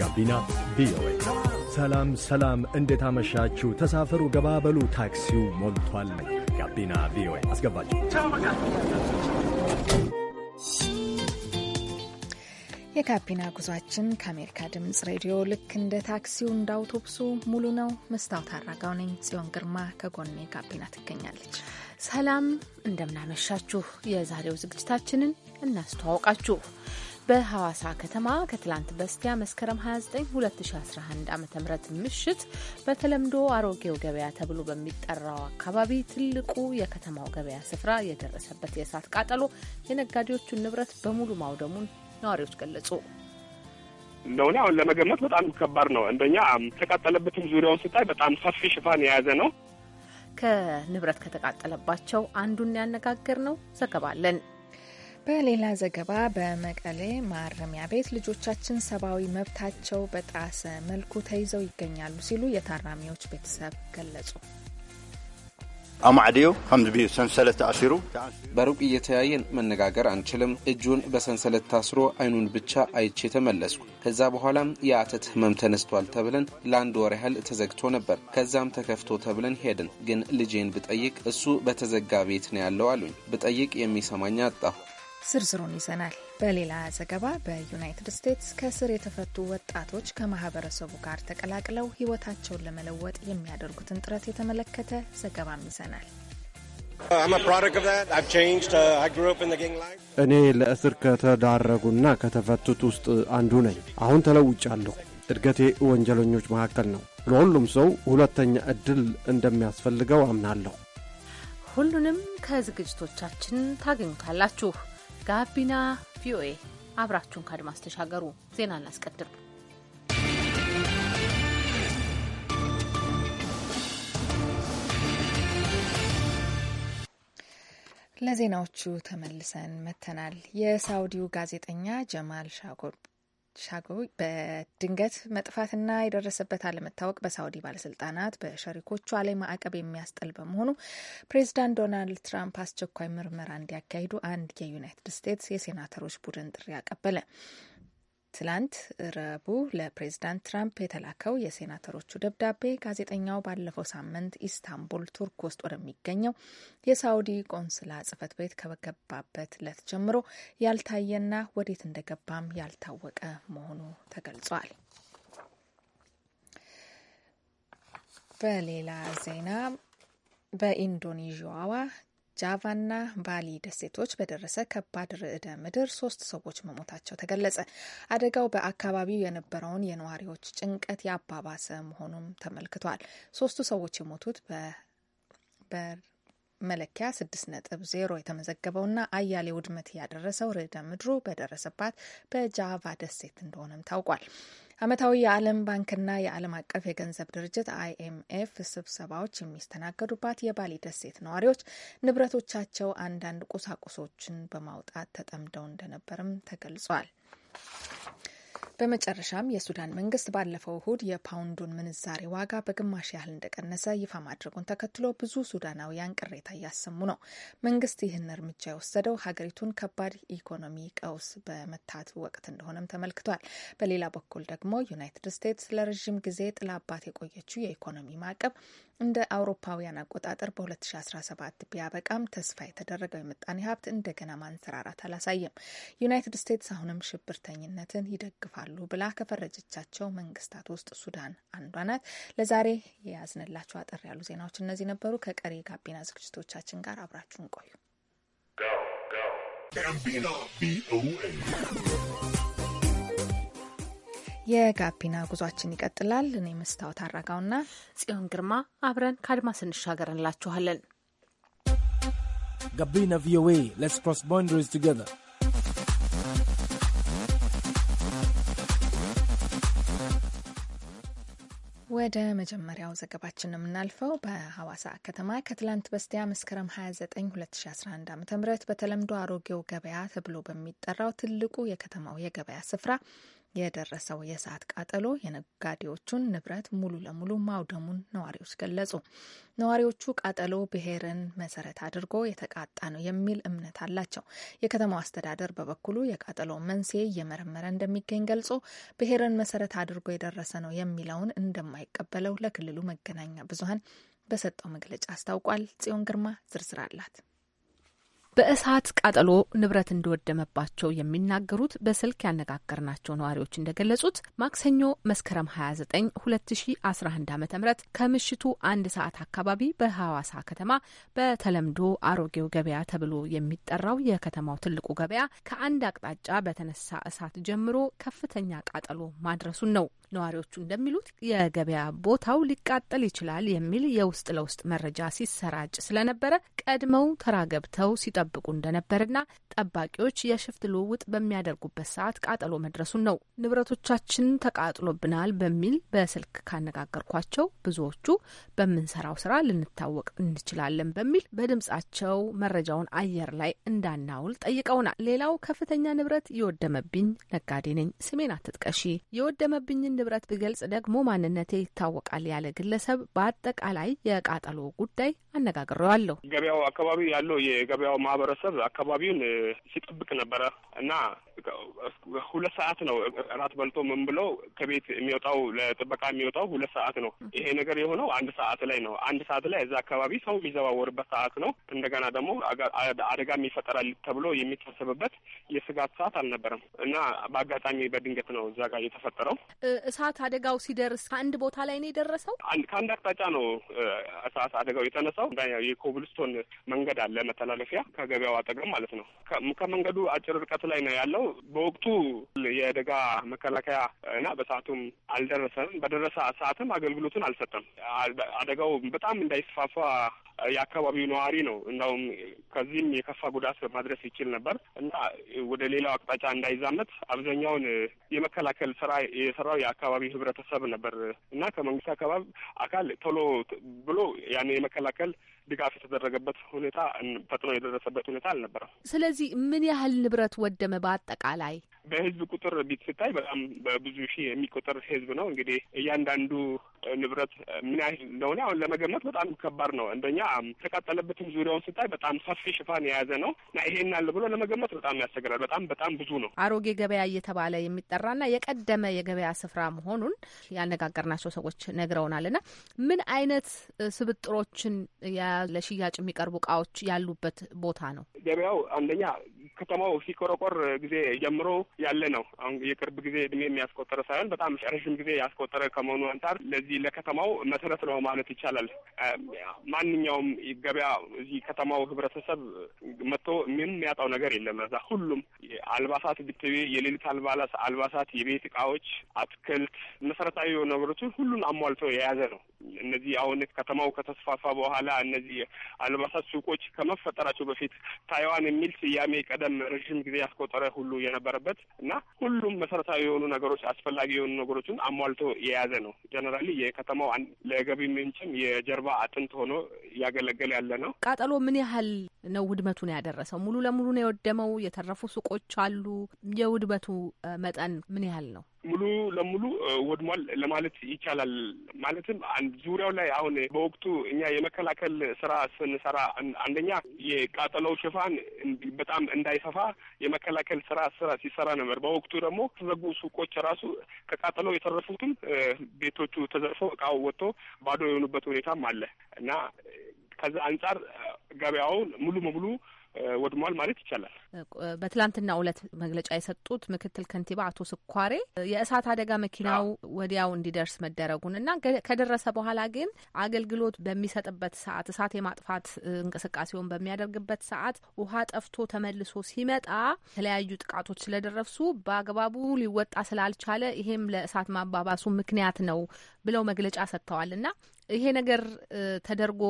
ጋቢና ቪኦኤ። ሰላም ሰላም፣ እንዴት አመሻችሁ? ተሳፈሩ፣ ገባበሉ፣ ታክሲው ሞልቷል። ጋቢና ቪኦኤ አስገባችሁ። የጋቢና ጉዟችን ከአሜሪካ ድምፅ ሬዲዮ ልክ እንደ ታክሲው እንደ አውቶቡሱ ሙሉ ነው። መስታወት አራጋው ነኝ። ጽዮን ግርማ ከጎኔ ጋቢና ትገኛለች። ሰላም እንደምናመሻችሁ። የዛሬው ዝግጅታችንን እናስተዋውቃችሁ። በሐዋሳ ከተማ ከትላንት በስቲያ መስከረም 29 2011 ዓ ም ምሽት በተለምዶ አሮጌው ገበያ ተብሎ በሚጠራው አካባቢ ትልቁ የከተማው ገበያ ስፍራ የደረሰበት የእሳት ቃጠሎ የነጋዴዎቹን ንብረት በሙሉ ማውደሙን ነዋሪዎች ገለጹ። እንደሆነ አሁን ለመገመት በጣም ከባድ ነው። አንደኛ ተቃጠለበትም ዙሪያውን ስታይ በጣም ሰፊ ሽፋን የያዘ ነው። ከንብረት ከተቃጠለባቸው አንዱን ያነጋገር ነው ዘገባለን በሌላ ዘገባ በመቀሌ ማረሚያ ቤት ልጆቻችን ሰብአዊ መብታቸው በጣሰ መልኩ ተይዘው ይገኛሉ ሲሉ የታራሚዎች ቤተሰብ ገለጹ። አማዕድዮ ከምዝብዩ ሰንሰለት ተአሲሩ በሩቅ እየተያየን መነጋገር አንችልም። እጁን በሰንሰለት ታስሮ አይኑን ብቻ አይቼ ተመለስኩ። ከዛ በኋላም የአተት ህመም ተነስቷል ተብለን ለአንድ ወር ያህል ተዘግቶ ነበር። ከዛም ተከፍቶ ተብለን ሄድን። ግን ልጄን ብጠይቅ እሱ በተዘጋ ቤት ነው ያለው አሉኝ። ብጠይቅ የሚሰማኝ አጣሁ። ዝርዝሩን ይዘናል። በሌላ ዘገባ በዩናይትድ ስቴትስ ከእስር የተፈቱ ወጣቶች ከማህበረሰቡ ጋር ተቀላቅለው ሕይወታቸውን ለመለወጥ የሚያደርጉትን ጥረት የተመለከተ ዘገባም ይዘናል። uh, እኔ ለእስር ከተዳረጉና ከተፈቱት ውስጥ አንዱ ነኝ። አሁን ተለውጫለሁ። እድገቴ ወንጀለኞች መካከል ነው። ለሁሉም ሰው ሁለተኛ ዕድል እንደሚያስፈልገው አምናለሁ። ሁሉንም ከዝግጅቶቻችን ታገኙታላችሁ። ጋቢና ቪኦኤ አብራችሁን ከአድማስ ተሻገሩ። ዜና እናስቀድም። ለዜናዎቹ ተመልሰን መጥተናል። የሳውዲው ጋዜጠኛ ጀማል ሻጎር። ሻጎ በድንገት መጥፋትና የደረሰበት አለመታወቅ በሳውዲ ባለስልጣናት በሸሪኮቿ ላይ ማዕቀብ የሚያስጠል በመሆኑ ፕሬዚዳንት ዶናልድ ትራምፕ አስቸኳይ ምርመራ እንዲያካሂዱ አንድ የዩናይትድ ስቴትስ የሴናተሮች ቡድን ጥሪ አቀበለ። ትላንት ረቡዕ ለፕሬዚዳንት ትራምፕ የተላከው የሴናተሮቹ ደብዳቤ ጋዜጠኛው ባለፈው ሳምንት ኢስታንቡል ቱርክ ውስጥ ወደሚገኘው የሳውዲ ቆንስላ ጽህፈት ቤት ከገባበት ዕለት ጀምሮ ያልታየና ወዴት እንደገባም ያልታወቀ መሆኑ ተገልጿል። በሌላ ዜና በኢንዶኔዥያዋ ጃቫና ባሊ ደሴቶች በደረሰ ከባድ ርዕደ ምድር ሶስት ሰዎች መሞታቸው ተገለጸ። አደጋው በአካባቢው የነበረውን የነዋሪዎች ጭንቀት ያባባሰ መሆኑም ተመልክቷል። ሶስቱ ሰዎች የሞቱት በ መለኪያ 6.0 የተመዘገበውና አያሌ ውድመት ያደረሰው ርዕደ ምድሩ በደረሰባት በጃቫ ደሴት እንደሆነም ታውቋል። ዓመታዊ የዓለም ባንክና የዓለም አቀፍ የገንዘብ ድርጅት አይኤምኤፍ ስብሰባዎች የሚስተናገዱባት የባሊ ደሴት ነዋሪዎች ንብረቶቻቸው አንዳንድ ቁሳቁሶችን በማውጣት ተጠምደው እንደነበርም ተገልጿል። በመጨረሻም የሱዳን መንግስት ባለፈው እሁድ የፓውንዱን ምንዛሬ ዋጋ በግማሽ ያህል እንደቀነሰ ይፋ ማድረጉን ተከትሎ ብዙ ሱዳናውያን ቅሬታ እያሰሙ ነው። መንግስት ይህን እርምጃ የወሰደው ሀገሪቱን ከባድ ኢኮኖሚ ቀውስ በመታት ወቅት እንደሆነም ተመልክቷል። በሌላ በኩል ደግሞ ዩናይትድ ስቴትስ ለረዥም ጊዜ ጥላባት የቆየችው የኢኮኖሚ ማዕቀብ እንደ አውሮፓውያን አቆጣጠር በ2017 ቢያበቃም ተስፋ የተደረገው የምጣኔ ሀብት እንደገና ማንሰራራት አላሳየም። ዩናይትድ ስቴትስ አሁንም ሽብርተኝነትን ይደግፋሉ ብላ ከፈረጀቻቸው መንግስታት ውስጥ ሱዳን አንዷ ናት። ለዛሬ የያዝንላቸው አጠር ያሉ ዜናዎች እነዚህ ነበሩ። ከቀሪ ጋቢና ዝግጅቶቻችን ጋር አብራችሁን ቆዩ። የጋቢና ጉዟችን ይቀጥላል። እኔ መስታወት አራጋውና ጽዮን ግርማ አብረን ከአድማስ እንሻገር እንላችኋለን። ጋቢና ቪኦኤ ሌትስ ክሮስ ቦንደሪስ ቱጌዘር ወደ መጀመሪያው ዘገባችን የምናልፈው በሐዋሳ ከተማ ከትላንት በስቲያ መስከረም 29 2011 ዓ ም በተለምዶ አሮጌው ገበያ ተብሎ በሚጠራው ትልቁ የከተማው የገበያ ስፍራ የደረሰው የእሳት ቃጠሎ የነጋዴዎቹን ንብረት ሙሉ ለሙሉ ማውደሙን ነዋሪዎች ገለጹ። ነዋሪዎቹ ቃጠሎ ብሔርን መሰረት አድርጎ የተቃጣ ነው የሚል እምነት አላቸው። የከተማው አስተዳደር በበኩሉ የቃጠሎ መንስኤ እየመረመረ እንደሚገኝ ገልጾ ብሔርን መሰረት አድርጎ የደረሰ ነው የሚለውን እንደማይቀበለው ለክልሉ መገናኛ ብዙኃን በሰጠው መግለጫ አስታውቋል። ጽዮን ግርማ ዝርዝር አላት። በእሳት ቃጠሎ ንብረት እንደወደመባቸው የሚናገሩት በስልክ ያነጋገርናቸው ነዋሪዎች እንደገለጹት ማክሰኞ መስከረም 29 2011 ዓ ም ከምሽቱ አንድ ሰዓት አካባቢ በሐዋሳ ከተማ በተለምዶ አሮጌው ገበያ ተብሎ የሚጠራው የከተማው ትልቁ ገበያ ከአንድ አቅጣጫ በተነሳ እሳት ጀምሮ ከፍተኛ ቃጠሎ ማድረሱን ነው። ነዋሪዎቹ እንደሚሉት የገበያ ቦታው ሊቃጠል ይችላል የሚል የውስጥ ለውስጥ መረጃ ሲሰራጭ ስለነበረ ቀድመው ተራ ገብተው ሲጠብቁ እንደነበርና ጠባቂዎች የሽፍት ልውውጥ በሚያደርጉበት ሰዓት ቃጠሎ መድረሱን ነው። ንብረቶቻችን ተቃጥሎብናል በሚል በስልክ ካነጋገርኳቸው ብዙዎቹ በምንሰራው ስራ ልንታወቅ እንችላለን በሚል በድምጻቸው መረጃውን አየር ላይ እንዳናውል ጠይቀውናል። ሌላው ከፍተኛ ንብረት የወደመብኝ ነጋዴ ነኝ፣ ስሜን አትጥቀሺ፣ የወደመብኝን ንብረት ብገልጽ ደግሞ ማንነቴ ይታወቃል ያለ ግለሰብ በአጠቃላይ የቃጠሎ ጉዳይ አነጋግሬዋለሁ። ገበያው አካባቢ ያለው የገበያው ማህበረሰብ አካባቢውን ሲጠብቅ ነበረ እና ሁለት ሰዓት ነው እራት በልቶ ምን ብሎ ከቤት የሚወጣው ለጥበቃ የሚወጣው ሁለት ሰዓት ነው። ይሄ ነገር የሆነው አንድ ሰዓት ላይ ነው። አንድ ሰዓት ላይ እዛ አካባቢ ሰው የሚዘዋወርበት ሰዓት ነው። እንደገና ደግሞ አደጋም ይፈጠራል ተብሎ የሚታሰብበት የስጋት ሰዓት አልነበረም እና በአጋጣሚ በድንገት ነው እዛ ጋር የተፈጠረው እሳት። አደጋው ሲደርስ ከአንድ ቦታ ላይ ነው የደረሰው። ከአንድ አቅጣጫ ነው እሳት አደጋው የተነሳው። የወጣው የኮብልስቶን መንገድ አለ መተላለፊያ ከገበያው አጠገብ ማለት ነው። ከመንገዱ አጭር ርቀት ላይ ነው ያለው። በወቅቱ የደጋ መከላከያ እና በሰዓቱም አልደረሰም። በደረሰ ሰዓትም አገልግሎቱን አልሰጠም። አደጋው በጣም እንዳይስፋፋ የአካባቢው ነዋሪ ነው። እንዳውም ከዚህም የከፋ ጉዳት ማድረስ ይችል ነበር እና ወደ ሌላው አቅጣጫ እንዳይዛመት አብዛኛውን የመከላከል ስራ የሰራው የአካባቢ ህብረተሰብ ነበር እና ከመንግስት አካባቢ አካል ቶሎ ብሎ ያን የመከላከል ድጋፍ የተደረገበት ሁኔታ ፈጥኖ የደረሰበት ሁኔታ አልነበረም። ስለዚህ ምን ያህል ንብረት ወደመ? በአጠቃላይ በህዝብ ቁጥር ቢት ስታይ በጣም በብዙ ሺህ የሚቆጠር ህዝብ ነው። እንግዲህ እያንዳንዱ ንብረት ምን ያህል እንደሆነ አሁን ለመገመት በጣም ከባድ ነው። አንደኛ የተቃጠለበትም ዙሪያውን ስታይ በጣም ሰፊ ሽፋን የያዘ ነው እና ይሄን አለ ብሎ ለመገመት በጣም ያስቸግራል። በጣም በጣም ብዙ ነው። አሮጌ ገበያ እየተባለ የሚጠራና የቀደመ የገበያ ስፍራ መሆኑን ያነጋገርናቸው ሰዎች ነግረውናል። እና ምን አይነት ስብጥሮችን ለሽያጭ የሚቀርቡ እቃዎች ያሉበት ቦታ ነው። ገበያው አንደኛ ከተማው ሲቆረቆር ጊዜ ጀምሮ ያለ ነው። አሁን የቅርብ ጊዜ እድሜ የሚያስቆጠረ ሳይሆን በጣም ረዥም ጊዜ ያስቆጠረ ከመሆኑ አንጻር ለዚህ ለከተማው መሰረት ነው ማለት ይቻላል። ማንኛውም ገበያ እዚህ ከተማው ህብረተሰብ መጥቶ የሚያጣው ነገር የለም። እዛ ሁሉም አልባሳት ብትቤ የሌሊት አልባላስ አልባሳት፣ የቤት እቃዎች፣ አትክልት፣ መሰረታዊ ነገሮችን ሁሉን አሟልቶ የያዘ ነው። እነዚህ አሁን ከተማው ከተስፋፋ በኋላ እነዚህ እነዚህ አልባሳት ሱቆች ከመፈጠራቸው በፊት ታይዋን የሚል ስያሜ ቀደም ረዥም ጊዜ ያስቆጠረ ሁሉ የነበረበት እና ሁሉም መሰረታዊ የሆኑ ነገሮች አስፈላጊ የሆኑ ነገሮችን አሟልቶ የያዘ ነው። ጀነራሊ የከተማው ለገቢ ምንጭም የጀርባ አጥንት ሆኖ እያገለገለ ያለ ነው። ቃጠሎ ምን ያህል ነው ውድመቱን ያደረሰው? ሙሉ ለሙሉ ነው የወደመው? የተረፉ ሱቆች አሉ? የውድመቱ መጠን ምን ያህል ነው? ሙሉ ለሙሉ ወድሟል ለማለት ይቻላል። ማለትም አንድ ዙሪያው ላይ አሁን በወቅቱ እኛ የመከላከል ስራ ስንሰራ አንደኛ የቃጠለው ሽፋን በጣም እንዳይሰፋ የመከላከል ስራ ስራ ሲሰራ ነበር። በወቅቱ ደግሞ ተዘጉ ሱቆች ራሱ ከቃጠለው የተረፉትም ቤቶቹ ተዘርፎ እቃው ወጥቶ ባዶ የሆኑበት ሁኔታም አለ እና ከዛ አንጻር ገበያውን ሙሉ በሙሉ ወድሟል ማለት ይቻላል። በትላንትና ዕለት መግለጫ የሰጡት ምክትል ከንቲባ አቶ ስኳሬ የእሳት አደጋ መኪናው ወዲያው እንዲደርስ መደረጉን እና ከደረሰ በኋላ ግን አገልግሎት በሚሰጥበት ሰዓት እሳት የማጥፋት እንቅስቃሴውን በሚያደርግበት ሰዓት ውሃ ጠፍቶ ተመልሶ ሲመጣ የተለያዩ ጥቃቶች ስለደረሱ በአግባቡ ሊወጣ ስላልቻለ ይሄም ለእሳት ማባባሱ ምክንያት ነው ብለው መግለጫ ሰጥተዋል እና ይሄ ነገር ተደርጎ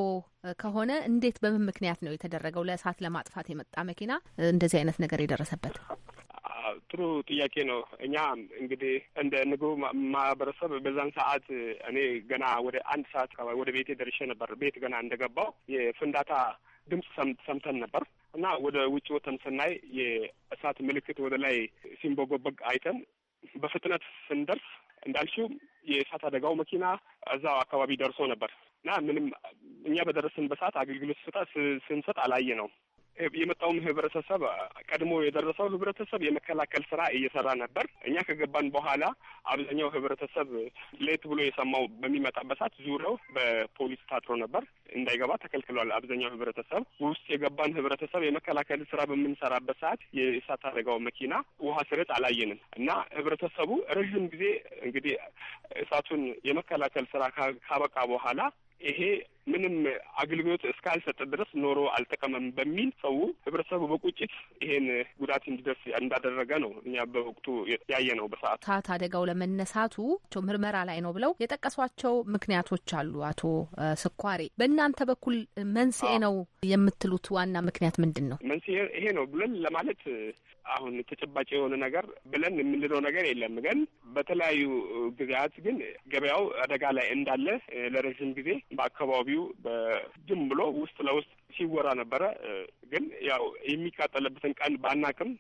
ከሆነ እንዴት በምን ምክንያት ነው የተደረገው? ለእሳት ለማጥፋት የመጣ መኪና እንደዚህ አይነት ነገር የደረሰበት? ጥሩ ጥያቄ ነው። እኛ እንግዲህ እንደ ንግቡ ማህበረሰብ በዛን ሰዓት እኔ ገና ወደ አንድ ሰዓት አካባቢ ወደ ቤቴ ደርሼ ነበር። ቤት ገና እንደገባው የፍንዳታ ድምፅ ሰምተን ነበር እና ወደ ውጭ ወተን ስናይ የእሳት ምልክት ወደ ላይ ሲንቦጎበግ አይተን በፍጥነት ስንደርስ እንዳልሽው የእሳት አደጋው መኪና እዛው አካባቢ ደርሶ ነበር እና ምንም እኛ በደረስንበት ሰዓት አገልግሎት ስጣ ስንሰጥ አላየ ነው የመጣውም ህብረተሰብ ቀድሞ የደረሰው ህብረተሰብ የመከላከል ስራ እየሰራ ነበር። እኛ ከገባን በኋላ አብዛኛው ህብረተሰብ ሌት ብሎ የሰማው በሚመጣበት ሰዓት ዙሪያው በፖሊስ ታጥሮ ነበር፣ እንዳይገባ ተከልክሏል። አብዛኛው ህብረተሰብ ውስጥ የገባን ህብረተሰብ የመከላከል ስራ በምንሰራበት ሰዓት የእሳት አደጋው መኪና ውሃ ስርጥ አላየንም እና ህብረተሰቡ ረዥም ጊዜ እንግዲህ እሳቱን የመከላከል ስራ ካበቃ በኋላ ይሄ ምንም አገልግሎት እስካልሰጠ ድረስ ኖሮ አልጠቀመም በሚል ሰው ህብረተሰቡ በቁጭት ይሄን ጉዳት እንዲደርስ እንዳደረገ ነው እኛ በወቅቱ ያየ ነው። በሰዓት ታት አደጋው ለመነሳቱ ምርመራ ላይ ነው ብለው የጠቀሷቸው ምክንያቶች አሉ። አቶ ስኳሬ በእናንተ በኩል መንስኤ ነው የምትሉት ዋና ምክንያት ምንድን ነው? መንስኤ ይሄ ነው ብለን ለማለት አሁን ተጨባጭ የሆነ ነገር ብለን የምንለው ነገር የለም። ግን በተለያዩ ጊዜያት ግን ገበያው አደጋ ላይ እንዳለ ለረዥም ጊዜ በአካባቢው በአካባቢው በጅም ብሎ ውስጥ ለውስጥ ሲወራ ነበረ። ግን ያው የሚቃጠለበትን ቀን ባናቅም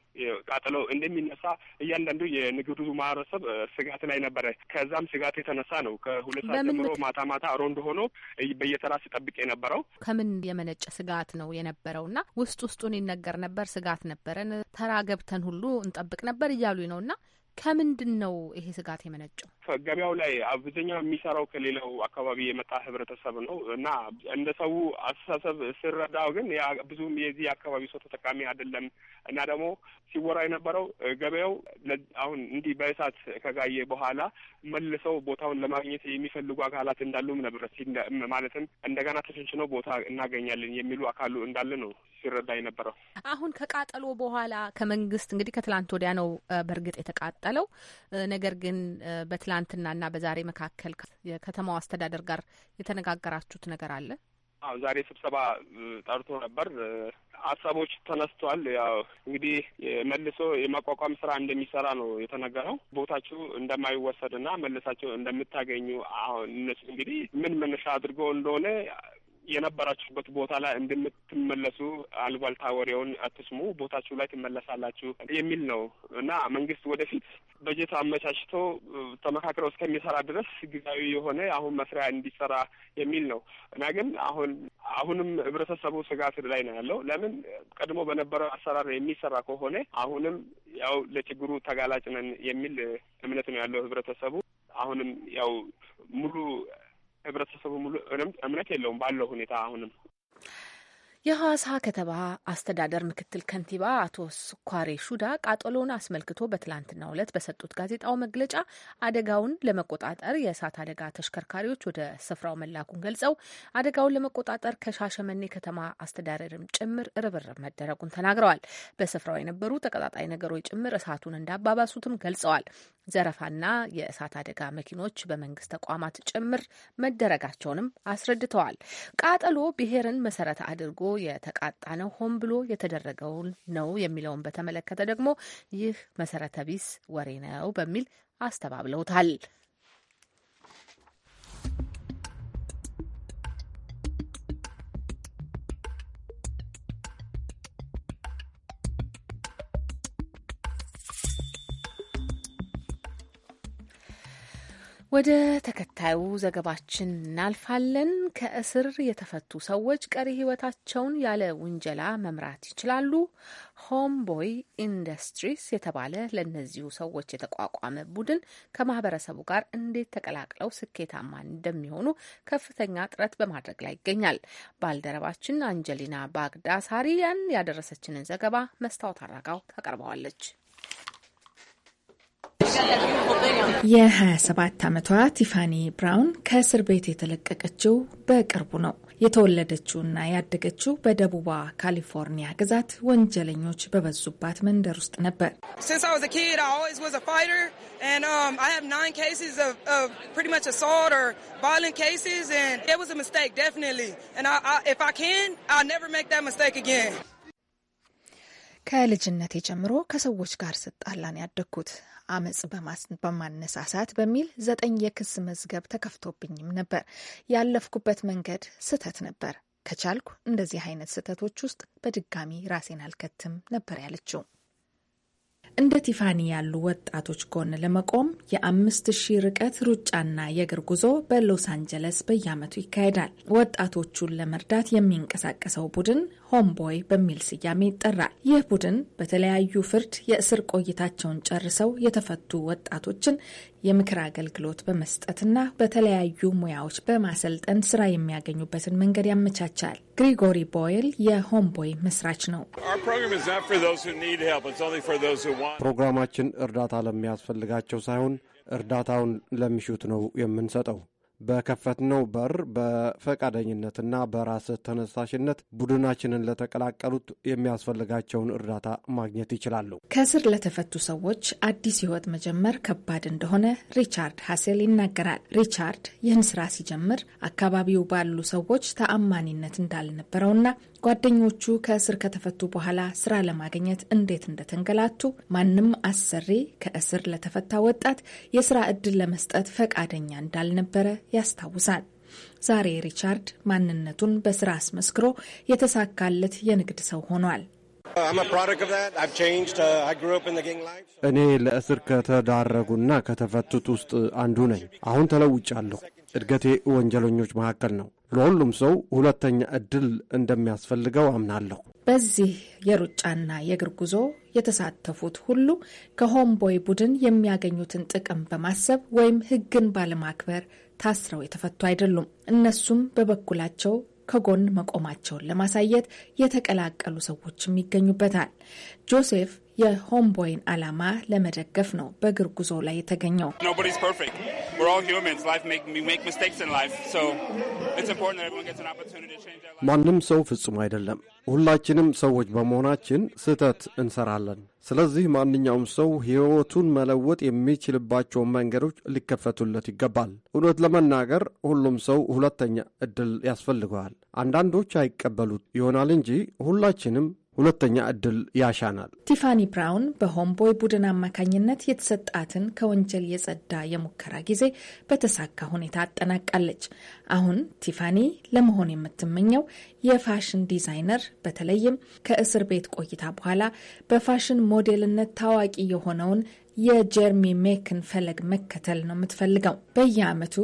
ቃጠለው እንደሚነሳ እያንዳንዱ የንግዱ ማህበረሰብ ስጋት ላይ ነበረ። ከዛም ስጋት የተነሳ ነው ከሁለት ሰዓት ጀምሮ ማታ ማታ ሮንድ ሆኖ በየተራ ሲጠብቅ የነበረው። ከምን የመነጨ ስጋት ነው የነበረው? እና ውስጥ ውስጡን ይነገር ነበር፣ ስጋት ነበረን፣ ተራ ገብተን ሁሉ እንጠብቅ ነበር እያሉ ነው እና ከምንድን ነው ይሄ ስጋት የመነጨው? ገበያው ላይ አብዛኛው የሚሰራው ከሌላው አካባቢ የመጣ ህብረተሰብ ነው እና እንደ ሰው አስተሳሰብ ስረዳው ግን ብዙም የዚህ አካባቢ ሰው ተጠቃሚ አይደለም እና ደግሞ ሲወራ የነበረው ገበያው አሁን እንዲህ በእሳት ከጋየ በኋላ መልሰው ቦታውን ለማግኘት የሚፈልጉ አካላት እንዳሉም ነበር። ማለትም እንደገና ተሸንሽነው ቦታ እናገኛለን የሚሉ አካሉ እንዳለ ነው ሲረዳ የነበረው። አሁን ከቃጠሎ በኋላ ከመንግስት እንግዲህ ከትላንት ወዲያ ነው በእርግጥ የተቃጠለው። ነገር ግን በትላንትናና በዛሬ መካከል የከተማው አስተዳደር ጋር የተነጋገራችሁት ነገር አለ? አዎ ዛሬ ስብሰባ ጠርቶ ነበር። ሀሳቦች ተነስተዋል። ያው እንግዲህ መልሶ የማቋቋም ስራ እንደሚሰራ ነው የተነገረው። ቦታችሁ እንደማይወሰድና መልሳቸው እንደምታገኙ አሁን እነሱ እንግዲህ ምን መነሻ አድርገው እንደሆነ የነበራችሁበት ቦታ ላይ እንደምትመለሱ አልባልታ ወሬውን አትስሙ፣ ቦታችሁ ላይ ትመለሳላችሁ የሚል ነው እና መንግስት ወደፊት በጀት አመቻችቶ ተመካክረው እስከሚሰራ ድረስ ጊዜያዊ የሆነ አሁን መስሪያ እንዲሰራ የሚል ነው እና ግን አሁን አሁንም ህብረተሰቡ ስጋት ላይ ነው ያለው። ለምን ቀድሞ በነበረው አሰራር የሚሰራ ከሆነ አሁንም ያው ለችግሩ ተጋላጭ ነን የሚል እምነት ነው ያለው ህብረተሰቡ አሁንም ያው ሙሉ ህብረተሰቡ ሙሉ እምነት የለውም ባለው ሁኔታ አሁንም የሐዋሳ ከተማ አስተዳደር ምክትል ከንቲባ አቶ ስኳሬ ሹዳ ቃጠሎውን አስመልክቶ በትላንትናው ዕለት በሰጡት ጋዜጣው መግለጫ አደጋውን ለመቆጣጠር የእሳት አደጋ ተሽከርካሪዎች ወደ ስፍራው መላኩን ገልጸው አደጋውን ለመቆጣጠር ከሻሸመኔ ከተማ አስተዳደርም ጭምር ርብርብ መደረጉን ተናግረዋል። በስፍራው የነበሩ ተቀጣጣይ ነገሮች ጭምር እሳቱን እንዳባባሱትም ገልጸዋል። ዘረፋና የእሳት አደጋ መኪኖች በመንግስት ተቋማት ጭምር መደረጋቸውንም አስረድተዋል። ቃጠሎ ብሔርን መሰረት አድርጎ የተቃጣ ነው፣ ሆን ብሎ የተደረገውን ነው የሚለውን በተመለከተ ደግሞ ይህ መሰረተ ቢስ ወሬ ነው በሚል አስተባብለውታል። ወደ ተከታዩ ዘገባችን እናልፋለን። ከእስር የተፈቱ ሰዎች ቀሪ ሕይወታቸውን ያለ ውንጀላ መምራት ይችላሉ። ሆምቦይ ኢንዱስትሪስ የተባለ ለእነዚሁ ሰዎች የተቋቋመ ቡድን ከማህበረሰቡ ጋር እንዴት ተቀላቅለው ስኬታማ እንደሚሆኑ ከፍተኛ ጥረት በማድረግ ላይ ይገኛል። ባልደረባችን አንጀሊና ባግዳሳሪያን ያደረሰችንን ዘገባ መስታወት አራጋው ታቀርበዋለች። የ27 ዓመቷ ቲፋኒ ብራውን ከእስር ቤት የተለቀቀችው በቅርቡ ነው። የተወለደችውና ያደገችው በደቡባ ካሊፎርኒያ ግዛት ወንጀለኞች በበዙባት መንደር ውስጥ ነበር። ከልጅነቴ ጀምሮ ከሰዎች ጋር ስጣላን ያደግኩት አመፅ በማነሳሳት በሚል ዘጠኝ የክስ መዝገብ ተከፍቶብኝም ነበር። ያለፍኩበት መንገድ ስህተት ነበር። ከቻልኩ እንደዚህ አይነት ስህተቶች ውስጥ በድጋሚ ራሴን አልከትም ነበር ያለችው። እንደ ቲፋኒ ያሉ ወጣቶች ጎን ለመቆም የአምስት ሺህ ርቀት ሩጫና የእግር ጉዞ በሎስ አንጀለስ በየዓመቱ ይካሄዳል። ወጣቶቹን ለመርዳት የሚንቀሳቀሰው ቡድን ሆምቦይ በሚል ስያሜ ይጠራል። ይህ ቡድን በተለያዩ ፍርድ የእስር ቆይታቸውን ጨርሰው የተፈቱ ወጣቶችን የምክር አገልግሎት በመስጠትና በተለያዩ ሙያዎች በማሰልጠን ስራ የሚያገኙበትን መንገድ ያመቻቻል። ግሪጎሪ ቦይል የሆምቦይ መስራች ነው። ፕሮግራማችን እርዳታ ለሚያስፈልጋቸው ሳይሆን እርዳታውን ለሚሹት ነው የምንሰጠው። በከፈትነው በር በፈቃደኝነትና በራስ ተነሳሽነት ቡድናችንን ለተቀላቀሉት የሚያስፈልጋቸውን እርዳታ ማግኘት ይችላሉ። ከእስር ለተፈቱ ሰዎች አዲስ ሕይወት መጀመር ከባድ እንደሆነ ሪቻርድ ሀሴል ይናገራል። ሪቻርድ ይህን ስራ ሲጀምር አካባቢው ባሉ ሰዎች ተአማኒነት እንዳልነበረውና ጓደኞቹ ከእስር ከተፈቱ በኋላ ስራ ለማግኘት እንዴት እንደተንገላቱ ማንም አሰሪ ከእስር ለተፈታ ወጣት የስራ እድል ለመስጠት ፈቃደኛ እንዳልነበረ ያስታውሳል። ዛሬ ሪቻርድ ማንነቱን በስራ አስመስክሮ የተሳካለት የንግድ ሰው ሆኗል። uh, እኔ ለእስር ከተዳረጉና ከተፈቱት ውስጥ አንዱ ነኝ። አሁን ተለውጫለሁ። እድገቴ ወንጀለኞች መካከል ነው። ለሁሉም ሰው ሁለተኛ እድል እንደሚያስፈልገው አምናለሁ። በዚህ የሩጫና የእግር ጉዞ የተሳተፉት ሁሉ ከሆምቦይ ቡድን የሚያገኙትን ጥቅም በማሰብ ወይም ሕግን ባለማክበር ታስረው የተፈቱ አይደሉም። እነሱም በበኩላቸው ከጎን መቆማቸውን ለማሳየት የተቀላቀሉ ሰዎችም ይገኙበታል። ጆሴፍ የሆምቦይን ዓላማ ለመደገፍ ነው በእግር ጉዞ ላይ የተገኘው። ማንም ሰው ፍጹም አይደለም። ሁላችንም ሰዎች በመሆናችን ስህተት እንሰራለን። ስለዚህ ማንኛውም ሰው ሕይወቱን መለወጥ የሚችልባቸውን መንገዶች ሊከፈቱለት ይገባል። እውነት ለመናገር ሁሉም ሰው ሁለተኛ እድል ያስፈልገዋል። አንዳንዶች አይቀበሉት ይሆናል እንጂ ሁላችንም ሁለተኛ እድል ያሻናል። ቲፋኒ ብራውን በሆምቦይ ቡድን አማካኝነት የተሰጣትን ከወንጀል የጸዳ የሙከራ ጊዜ በተሳካ ሁኔታ አጠናቃለች። አሁን ቲፋኒ ለመሆን የምትመኘው የፋሽን ዲዛይነር፣ በተለይም ከእስር ቤት ቆይታ በኋላ በፋሽን ሞዴልነት ታዋቂ የሆነውን የጀርሚ ሜክን ፈለግ መከተል ነው የምትፈልገው። በየአመቱ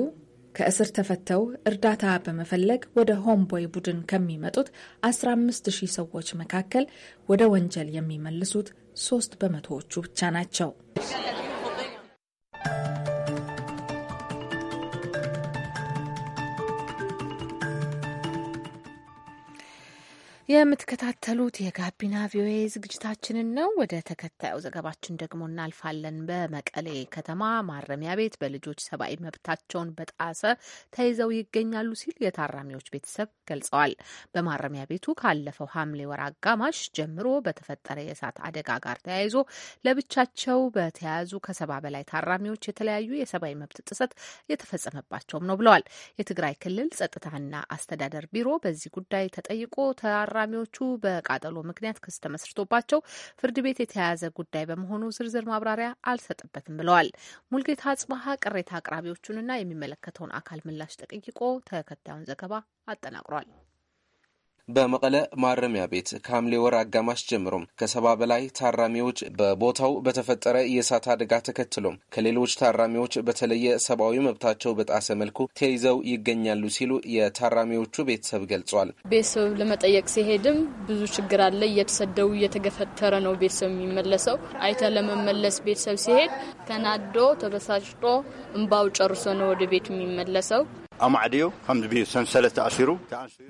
ከእስር ተፈተው እርዳታ በመፈለግ ወደ ሆምቦይ ቡድን ከሚመጡት 15 ሺህ ሰዎች መካከል ወደ ወንጀል የሚመልሱት ሶስት በመቶዎቹ ብቻ ናቸው። የምትከታተሉት የጋቢና ቪኦኤ ዝግጅታችንን ነው። ወደ ተከታዩ ዘገባችን ደግሞ እናልፋለን። በመቀሌ ከተማ ማረሚያ ቤት በልጆች ሰብአዊ መብታቸውን በጣሰ ተይዘው ይገኛሉ ሲል የታራሚዎች ቤተሰብ ገልጸዋል። በማረሚያ ቤቱ ካለፈው ሐምሌ ወር አጋማሽ ጀምሮ በተፈጠረ የእሳት አደጋ ጋር ተያይዞ ለብቻቸው በተያያዙ ከሰባ በላይ ታራሚዎች የተለያዩ የሰብአዊ መብት ጥሰት እየተፈጸመባቸውም ነው ብለዋል። የትግራይ ክልል ጸጥታና አስተዳደር ቢሮ በዚህ ጉዳይ ተጠይቆ ተራ ተፈራሚዎቹ በቃጠሎ ምክንያት ክስ ተመስርቶባቸው ፍርድ ቤት የተያያዘ ጉዳይ በመሆኑ ዝርዝር ማብራሪያ አልሰጥበትም ብለዋል። ሙልጌታ አጽባሀ ቅሬታ አቅራቢዎቹንና የሚመለከተውን አካል ምላሽ ጠይቆ ተከታዩን ዘገባ አጠናቅሯል። በመቀለ ማረሚያ ቤት ከሐምሌ ወር አጋማሽ ጀምሮም ከሰባ በላይ ታራሚዎች በቦታው በተፈጠረ የእሳት አደጋ ተከትሎም ከሌሎች ታራሚዎች በተለየ ሰብአዊ መብታቸው በጣሰ መልኩ ተይዘው ይገኛሉ ሲሉ የታራሚዎቹ ቤተሰብ ገልጿል። ቤተሰብ ለመጠየቅ ሲሄድም ብዙ ችግር አለ፣ እየተሰደው እየተገፈተረ ነው ቤተሰብ የሚመለሰው። አይተ ለመመለስ ቤተሰብ ሲሄድ ተናዶ ተበሳጭቶ እምባው ጨርሶ ነው ወደ ቤቱ የሚመለሰው። አማዕድዮ ሰንሰለት ተኣሲሩ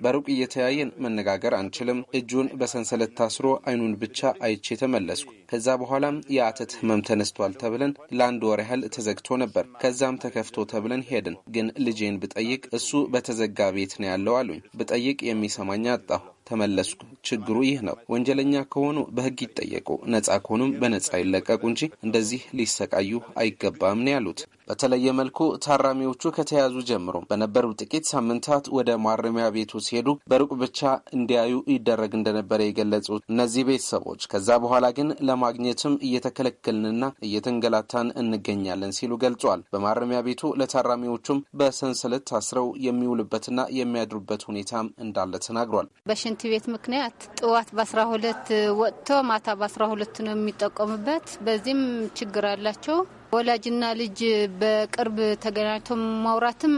በሩቅ እየተያየን መነጋገር አንችልም። እጁን በሰንሰለት ታስሮ አይኑን ብቻ አይቼ ተመለስኩ። ከዛ በኋላም የአተት ህመም ተነስቷል ተብለን ለአንድ ወር ያህል ተዘግቶ ነበር። ከዛም ተከፍቶ ተብለን ሄድን። ግን ልጄን ብጠይቅ እሱ በተዘጋ ቤት ነው ያለው አሉኝ። ብጠይቅ የሚሰማኝ አጣሁ። ተመለስኩ። ችግሩ ይህ ነው። ወንጀለኛ ከሆኑ በህግ ይጠየቁ፣ ነጻ ከሆኑም በነጻ ይለቀቁ እንጂ እንደዚህ ሊሰቃዩ አይገባም ነው ያሉት። በተለየ መልኩ ታራሚዎቹ ከተያዙ ጀምሮ በነበሩ ጥቂት ሳምንታት ወደ ማረሚያ ቤቱ ሲሄዱ በሩቅ ብቻ እንዲያዩ ይደረግ እንደነበረ የገለጹት እነዚህ ቤተሰቦች ከዛ በኋላ ግን ለማግኘትም እየተከለከልንና እየተንገላታን እንገኛለን ሲሉ ገልጿል። በማረሚያ ቤቱ ለታራሚዎቹም በሰንሰለት ታስረው የሚውልበትና የሚያድሩበት ሁኔታም እንዳለ ተናግሯል። በሽንት ቤት ምክንያት ጥዋት በአስራ ሁለት ወጥቶ ማታ በአስራ ሁለት ነው የሚጠቀሙበት። በዚህም ችግር አላቸው። ወላጅና ልጅ በቅርብ ተገናኝቶ ማውራትም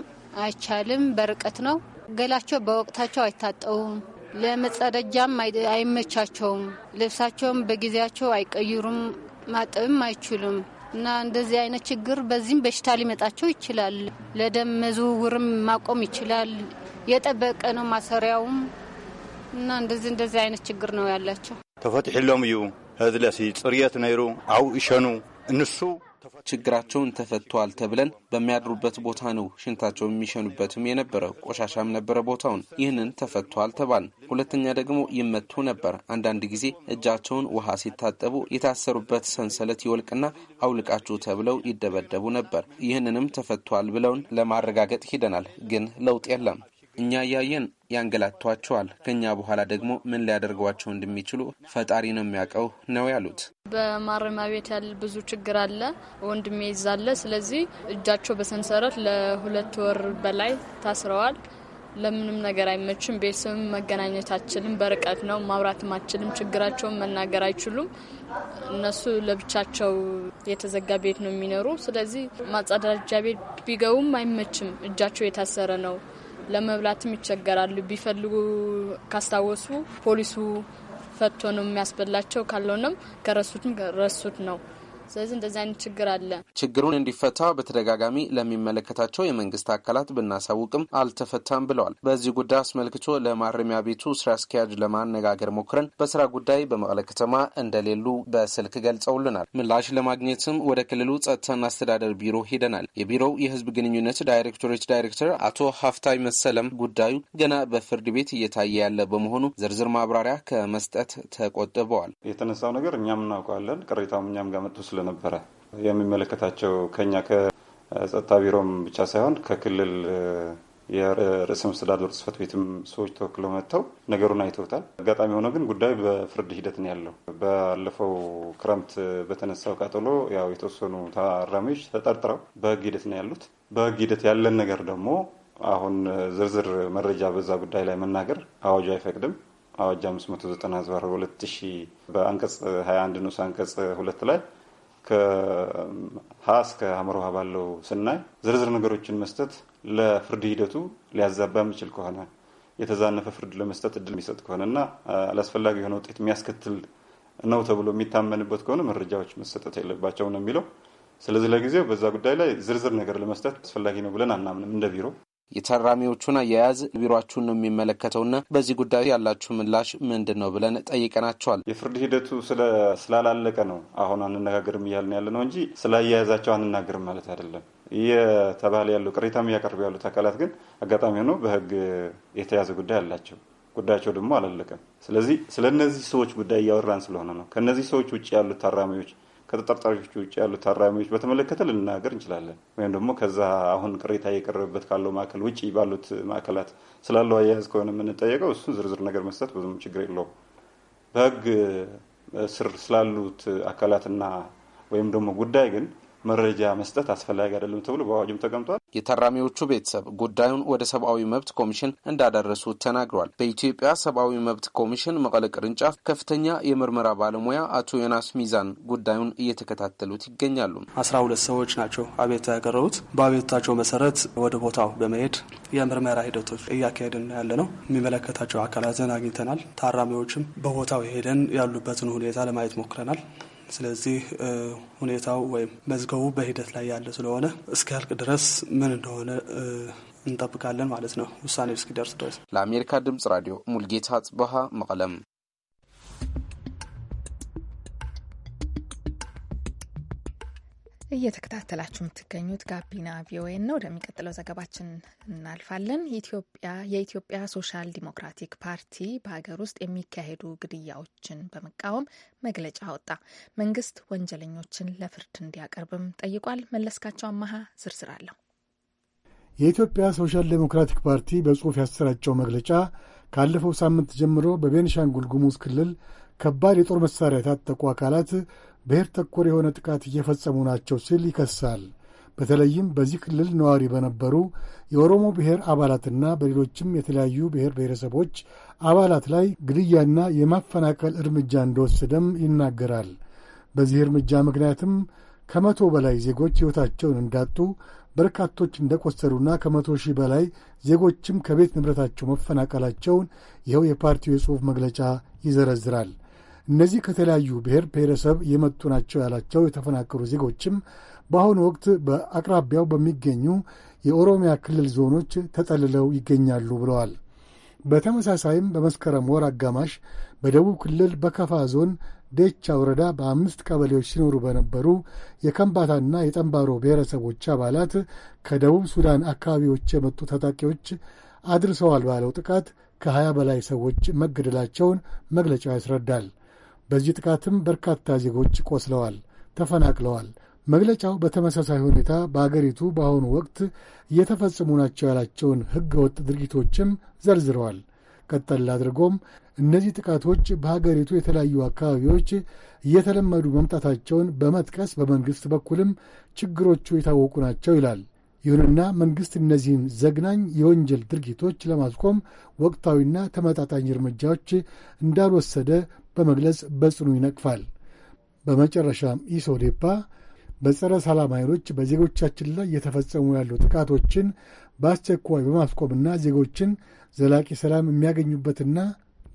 አይቻልም፣ በርቀት ነው። ገላቸው በወቅታቸው አይታጠውም ለመጸደጃም አይመቻቸውም፣ ልብሳቸውም በጊዜያቸው አይቀይሩም፣ ማጠብም አይችሉም እና እንደዚህ አይነት ችግር በዚህም በሽታ ሊመጣቸው ይችላል። ለደም መዝውውርም ማቆም ይችላል። የጠበቀ ነው ማሰሪያውም እና እንደዚህ እንደዚህ አይነት ችግር ነው ያላቸው ተፈትሒሎም እዩ ህዝለሲ ፅርየት ነይሩ አው ይሸኑ እንሱ ችግራቸውን ተፈቷል ተብለን በሚያድሩበት ቦታ ነው ሽንታቸው የሚሸኑበትም የነበረ ቆሻሻም ነበረ ቦታውን ይህንን ተፈቷል ተባል ሁለተኛ ደግሞ ይመቱ ነበር። አንዳንድ ጊዜ እጃቸውን ውሃ ሲታጠቡ የታሰሩበት ሰንሰለት ይወልቅና አውልቃችሁ ተብለው ይደበደቡ ነበር። ይህንንም ተፈቷል ብለውን ለማረጋገጥ ሂደናል፣ ግን ለውጥ የለም። እኛ እያየን ያንገላቷቸዋል። ከኛ በኋላ ደግሞ ምን ሊያደርጓቸው እንደሚችሉ ፈጣሪ ነው የሚያውቀው ነው ያሉት። በማረሚያ ቤት ያለ ብዙ ችግር አለ። ወንድሜ ይዛለ። ስለዚህ እጃቸው በሰንሰረት ለሁለት ወር በላይ ታስረዋል። ለምንም ነገር አይመችም። ቤተሰብም መገናኘት አችልም። በርቀት ነው። ማብራትም አችልም። ችግራቸውን መናገር አይችሉም። እነሱ ለብቻቸው የተዘጋ ቤት ነው የሚኖሩ። ስለዚህ ማጸዳጃ ቤት ቢገቡም አይመችም። እጃቸው የታሰረ ነው። ለመብላትም ይቸገራሉ። ቢፈልጉ ካስታወሱ ፖሊሱ ፈቶ ነው የሚያስበላቸው። ካልሆነም ከረሱትም ረሱት ነው ስለዚህ እንደዚህ አይነት ችግር አለ። ችግሩን እንዲፈታ በተደጋጋሚ ለሚመለከታቸው የመንግስት አካላት ብናሳውቅም አልተፈታም ብለዋል። በዚህ ጉዳይ አስመልክቶ ለማረሚያ ቤቱ ስራ አስኪያጅ ለማነጋገር ሞክረን በስራ ጉዳይ በመቀለ ከተማ እንደሌሉ በስልክ ገልጸውልናል። ምላሽ ለማግኘትም ወደ ክልሉ ጸጥታና አስተዳደር ቢሮ ሄደናል። የቢሮው የህዝብ ግንኙነት ዳይሬክቶሬት ዳይሬክተር አቶ ሀፍታይ መሰለም ጉዳዩ ገና በፍርድ ቤት እየታየ ያለ በመሆኑ ዝርዝር ማብራሪያ ከመስጠት ተቆጥበዋል። የተነሳው ነገር እኛም እናውቀዋለን። ቅሬታውም እኛም ጋር መጥቶ ስለነበረ የሚመለከታቸው ከኛ ከጸጥታ ቢሮም ብቻ ሳይሆን ከክልል የርዕሰ መስተዳድር ጽህፈት ቤትም ሰዎች ተወክለው መጥተው ነገሩን አይተውታል። አጋጣሚ የሆነ ግን ጉዳዩ በፍርድ ሂደት ነው ያለው። ባለፈው ክረምት በተነሳው ቃጠሎ ያው የተወሰኑ ታራሚዎች ተጠርጥረው በህግ ሂደት ነው ያሉት። በህግ ሂደት ያለን ነገር ደግሞ አሁን ዝርዝር መረጃ በዛ ጉዳይ ላይ መናገር አዋጁ አይፈቅድም። አዋጅ 590 2000 በአንቀጽ 21 ንዑስ አንቀጽ ሁለት ላይ ከሀ እስከ ውሃ ባለው ስናይ ዝርዝር ነገሮችን መስጠት ለፍርድ ሂደቱ ሊያዛባ የሚችል ከሆነ የተዛነፈ ፍርድ ለመስጠት እድል የሚሰጥ እና አላስፈላጊ የሆነ ውጤት የሚያስከትል ነው ተብሎ የሚታመንበት ከሆነ መረጃዎች መሰጠት የለባቸው ነው የሚለው። ስለዚህ ለጊዜው በዛ ጉዳይ ላይ ዝርዝር ነገር ለመስጠት አስፈላጊ ነው ብለን አናምንም እንደ ቢሮ። የታራሚዎቹን አያያዝ ቢሮችሁን ነው የሚመለከተውና በዚህ ጉዳይ ያላችሁ ምላሽ ምንድን ነው ብለን ጠይቀናቸዋል። የፍርድ ሂደቱ ስላላለቀ ነው አሁን አንነጋገርም እያልን ያለ ነው እንጂ ስለ አያያዛቸው አንናገርም ማለት አይደለም። እየተባለ ያሉ ቅሬታም እያቀርቡ ያሉት አካላት ግን አጋጣሚ ሆኖ በህግ የተያዘ ጉዳይ አላቸው። ጉዳያቸው ደግሞ አላለቀም። ስለዚህ ስለ እነዚህ ሰዎች ጉዳይ እያወራን ስለሆነ ነው። ከእነዚህ ሰዎች ውጭ ያሉት ታራሚዎች ከተጠርጣሪዎች ውጭ ያሉ ታራሚዎች በተመለከተ ልንናገር እንችላለን። ወይም ደግሞ ከዛ አሁን ቅሬታ እየቀረበበት ካለው ማዕከል ውጭ ባሉት ማዕከላት ስላለው አያያዝ ከሆነ የምንጠየቀው እሱን ዝርዝር ነገር መስጠት ብዙም ችግር የለው። በህግ ስር ስላሉት አካላትና ወይም ደግሞ ጉዳይ ግን መረጃ መስጠት አስፈላጊ አይደለም ተብሎ በአዋጅም ተቀምጧል። የታራሚዎቹ ቤተሰብ ጉዳዩን ወደ ሰብአዊ መብት ኮሚሽን እንዳደረሱ ተናግሯል። በኢትዮጵያ ሰብአዊ መብት ኮሚሽን መቀለ ቅርንጫፍ ከፍተኛ የምርመራ ባለሙያ አቶ ዮናስ ሚዛን ጉዳዩን እየተከታተሉት ይገኛሉ። አስራ ሁለት ሰዎች ናቸው አቤቱታ ያቀረቡት። በአቤቱታቸው መሰረት ወደ ቦታው በመሄድ የምርመራ ሂደቶች እያካሄድን ያለ ነው። የሚመለከታቸው አካላትን አግኝተናል። ታራሚዎችም በቦታው ሄደን ያሉበትን ሁኔታ ለማየት ሞክረናል። ስለዚህ ሁኔታው ወይም መዝገቡ በሂደት ላይ ያለ ስለሆነ እስኪያልቅ ድረስ ምን እንደሆነ እንጠብቃለን ማለት ነው። ውሳኔ እስኪደርስ ድረስ። ለአሜሪካ ድምጽ ራዲዮ ሙልጌታ ጽበሃ መቀለም እየተከታተላችሁ የምትገኙት ጋቢና ቪኦኤ ነው። ወደሚቀጥለው ዘገባችን እናልፋለን። ኢትዮጵያ የኢትዮጵያ ሶሻል ዲሞክራቲክ ፓርቲ በሀገር ውስጥ የሚካሄዱ ግድያዎችን በመቃወም መግለጫ አወጣ። መንግስት ወንጀለኞችን ለፍርድ እንዲያቀርብም ጠይቋል። መለስካቸው አመሃ ዝርዝር አለሁ። የኢትዮጵያ ሶሻል ዲሞክራቲክ ፓርቲ በጽሁፍ ያሰራጨው መግለጫ ካለፈው ሳምንት ጀምሮ በቤንሻንጉል ጉሙዝ ክልል ከባድ የጦር መሣሪያ የታጠቁ አካላት ብሔር ተኮር የሆነ ጥቃት እየፈጸሙ ናቸው ሲል ይከሳል። በተለይም በዚህ ክልል ነዋሪ በነበሩ የኦሮሞ ብሔር አባላትና በሌሎችም የተለያዩ ብሔር ብሔረሰቦች አባላት ላይ ግድያና የማፈናቀል እርምጃ እንደወሰደም ይናገራል። በዚህ እርምጃ ምክንያትም ከመቶ በላይ ዜጎች ሕይወታቸውን እንዳጡ በርካቶች እንደቆሰሉና ከመቶ ሺህ በላይ ዜጎችም ከቤት ንብረታቸው መፈናቀላቸውን ይኸው የፓርቲው የጽሑፍ መግለጫ ይዘረዝራል። እነዚህ ከተለያዩ ብሔር ብሔረሰብ የመጡ ናቸው ያላቸው የተፈናቀሉ ዜጎችም በአሁኑ ወቅት በአቅራቢያው በሚገኙ የኦሮሚያ ክልል ዞኖች ተጠልለው ይገኛሉ ብለዋል። በተመሳሳይም በመስከረም ወር አጋማሽ በደቡብ ክልል በከፋ ዞን ዴቻ ወረዳ በአምስት ቀበሌዎች ሲኖሩ በነበሩ የከምባታና የጠንባሮ ብሔረሰቦች አባላት ከደቡብ ሱዳን አካባቢዎች የመጡ ታጣቂዎች አድርሰዋል ባለው ጥቃት ከሀያ በላይ ሰዎች መገደላቸውን መግለጫው ያስረዳል። በዚህ ጥቃትም በርካታ ዜጎች ቆስለዋል፣ ተፈናቅለዋል። መግለጫው በተመሳሳይ ሁኔታ በአገሪቱ በአሁኑ ወቅት እየተፈጸሙ ናቸው ያላቸውን ሕገ ወጥ ድርጊቶችም ዘርዝረዋል። ቀጠል አድርጎም እነዚህ ጥቃቶች በሀገሪቱ የተለያዩ አካባቢዎች እየተለመዱ መምጣታቸውን በመጥቀስ በመንግሥት በኩልም ችግሮቹ የታወቁ ናቸው ይላል። ይሁንና መንግሥት እነዚህን ዘግናኝ የወንጀል ድርጊቶች ለማስቆም ወቅታዊና ተመጣጣኝ እርምጃዎች እንዳልወሰደ በመግለጽ በጽኑ ይነቅፋል። በመጨረሻም ኢሶዴፓ በጸረ ሰላም ኃይሎች በዜጎቻችን ላይ እየተፈጸሙ ያሉ ጥቃቶችን በአስቸኳይ በማስቆምና ዜጎችን ዘላቂ ሰላም የሚያገኙበትና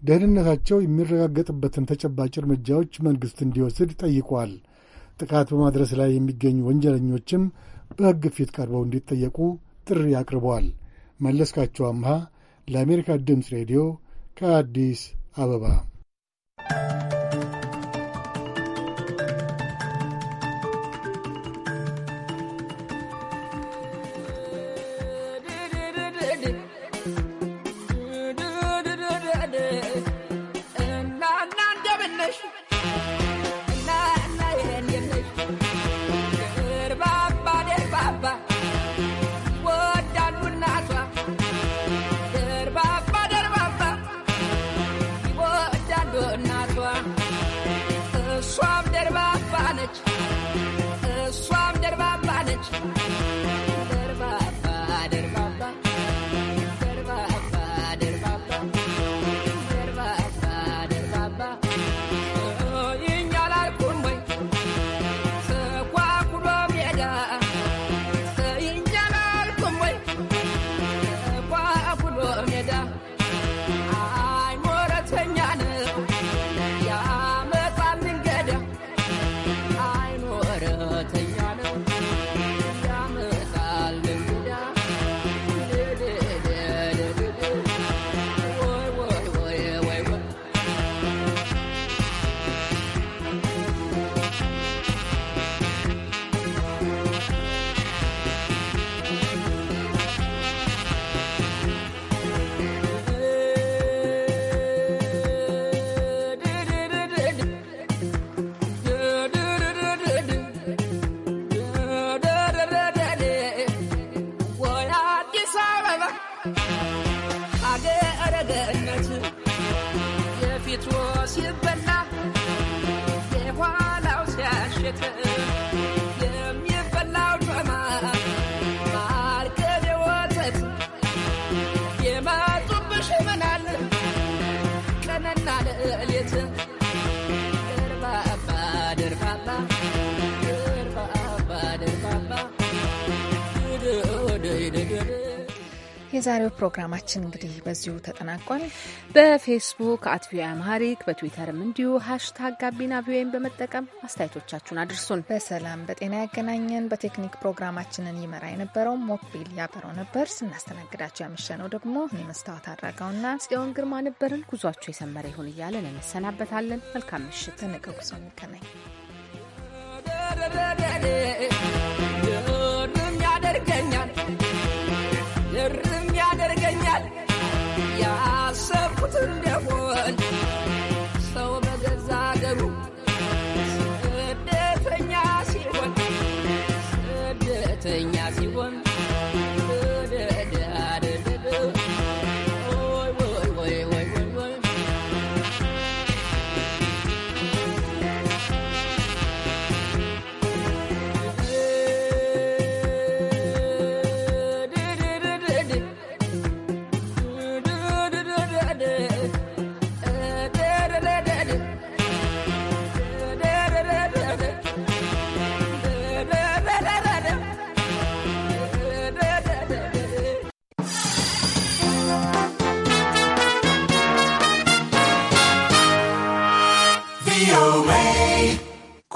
ደህንነታቸው የሚረጋገጥበትን ተጨባጭ እርምጃዎች መንግሥት እንዲወስድ ጠይቋል። ጥቃት በማድረስ ላይ የሚገኙ ወንጀለኞችም በሕግ ፊት ቀርበው እንዲጠየቁ ጥሪ አቅርበዋል። መለስካቸው አምሃ ለአሜሪካ ድምፅ ሬዲዮ ከአዲስ አበባ you, but now. የዛሬው ፕሮግራማችን እንግዲህ በዚሁ ተጠናቋል። በፌስቡክ አት ቪኦኤ አማሪክ በትዊተርም እንዲሁ ሀሽታግ ጋቢና ቪኦኤን በመጠቀም አስተያየቶቻችሁን አድርሱን። በሰላም በጤና ያገናኘን። በቴክኒክ ፕሮግራማችንን ይመራ የነበረው ሞክቢል ያበረው ነበር። ስናስተናግዳቸው ያመሸነው ደግሞ እኔ መስታወት አድራጋውና ጽዮን ግርማ ነበርን። ጉዟቸው የሰመረ ይሁን እያለን እንሰናበታለን። መልካም ምሽት። ነገ ጉዞ እንገናኝ። today.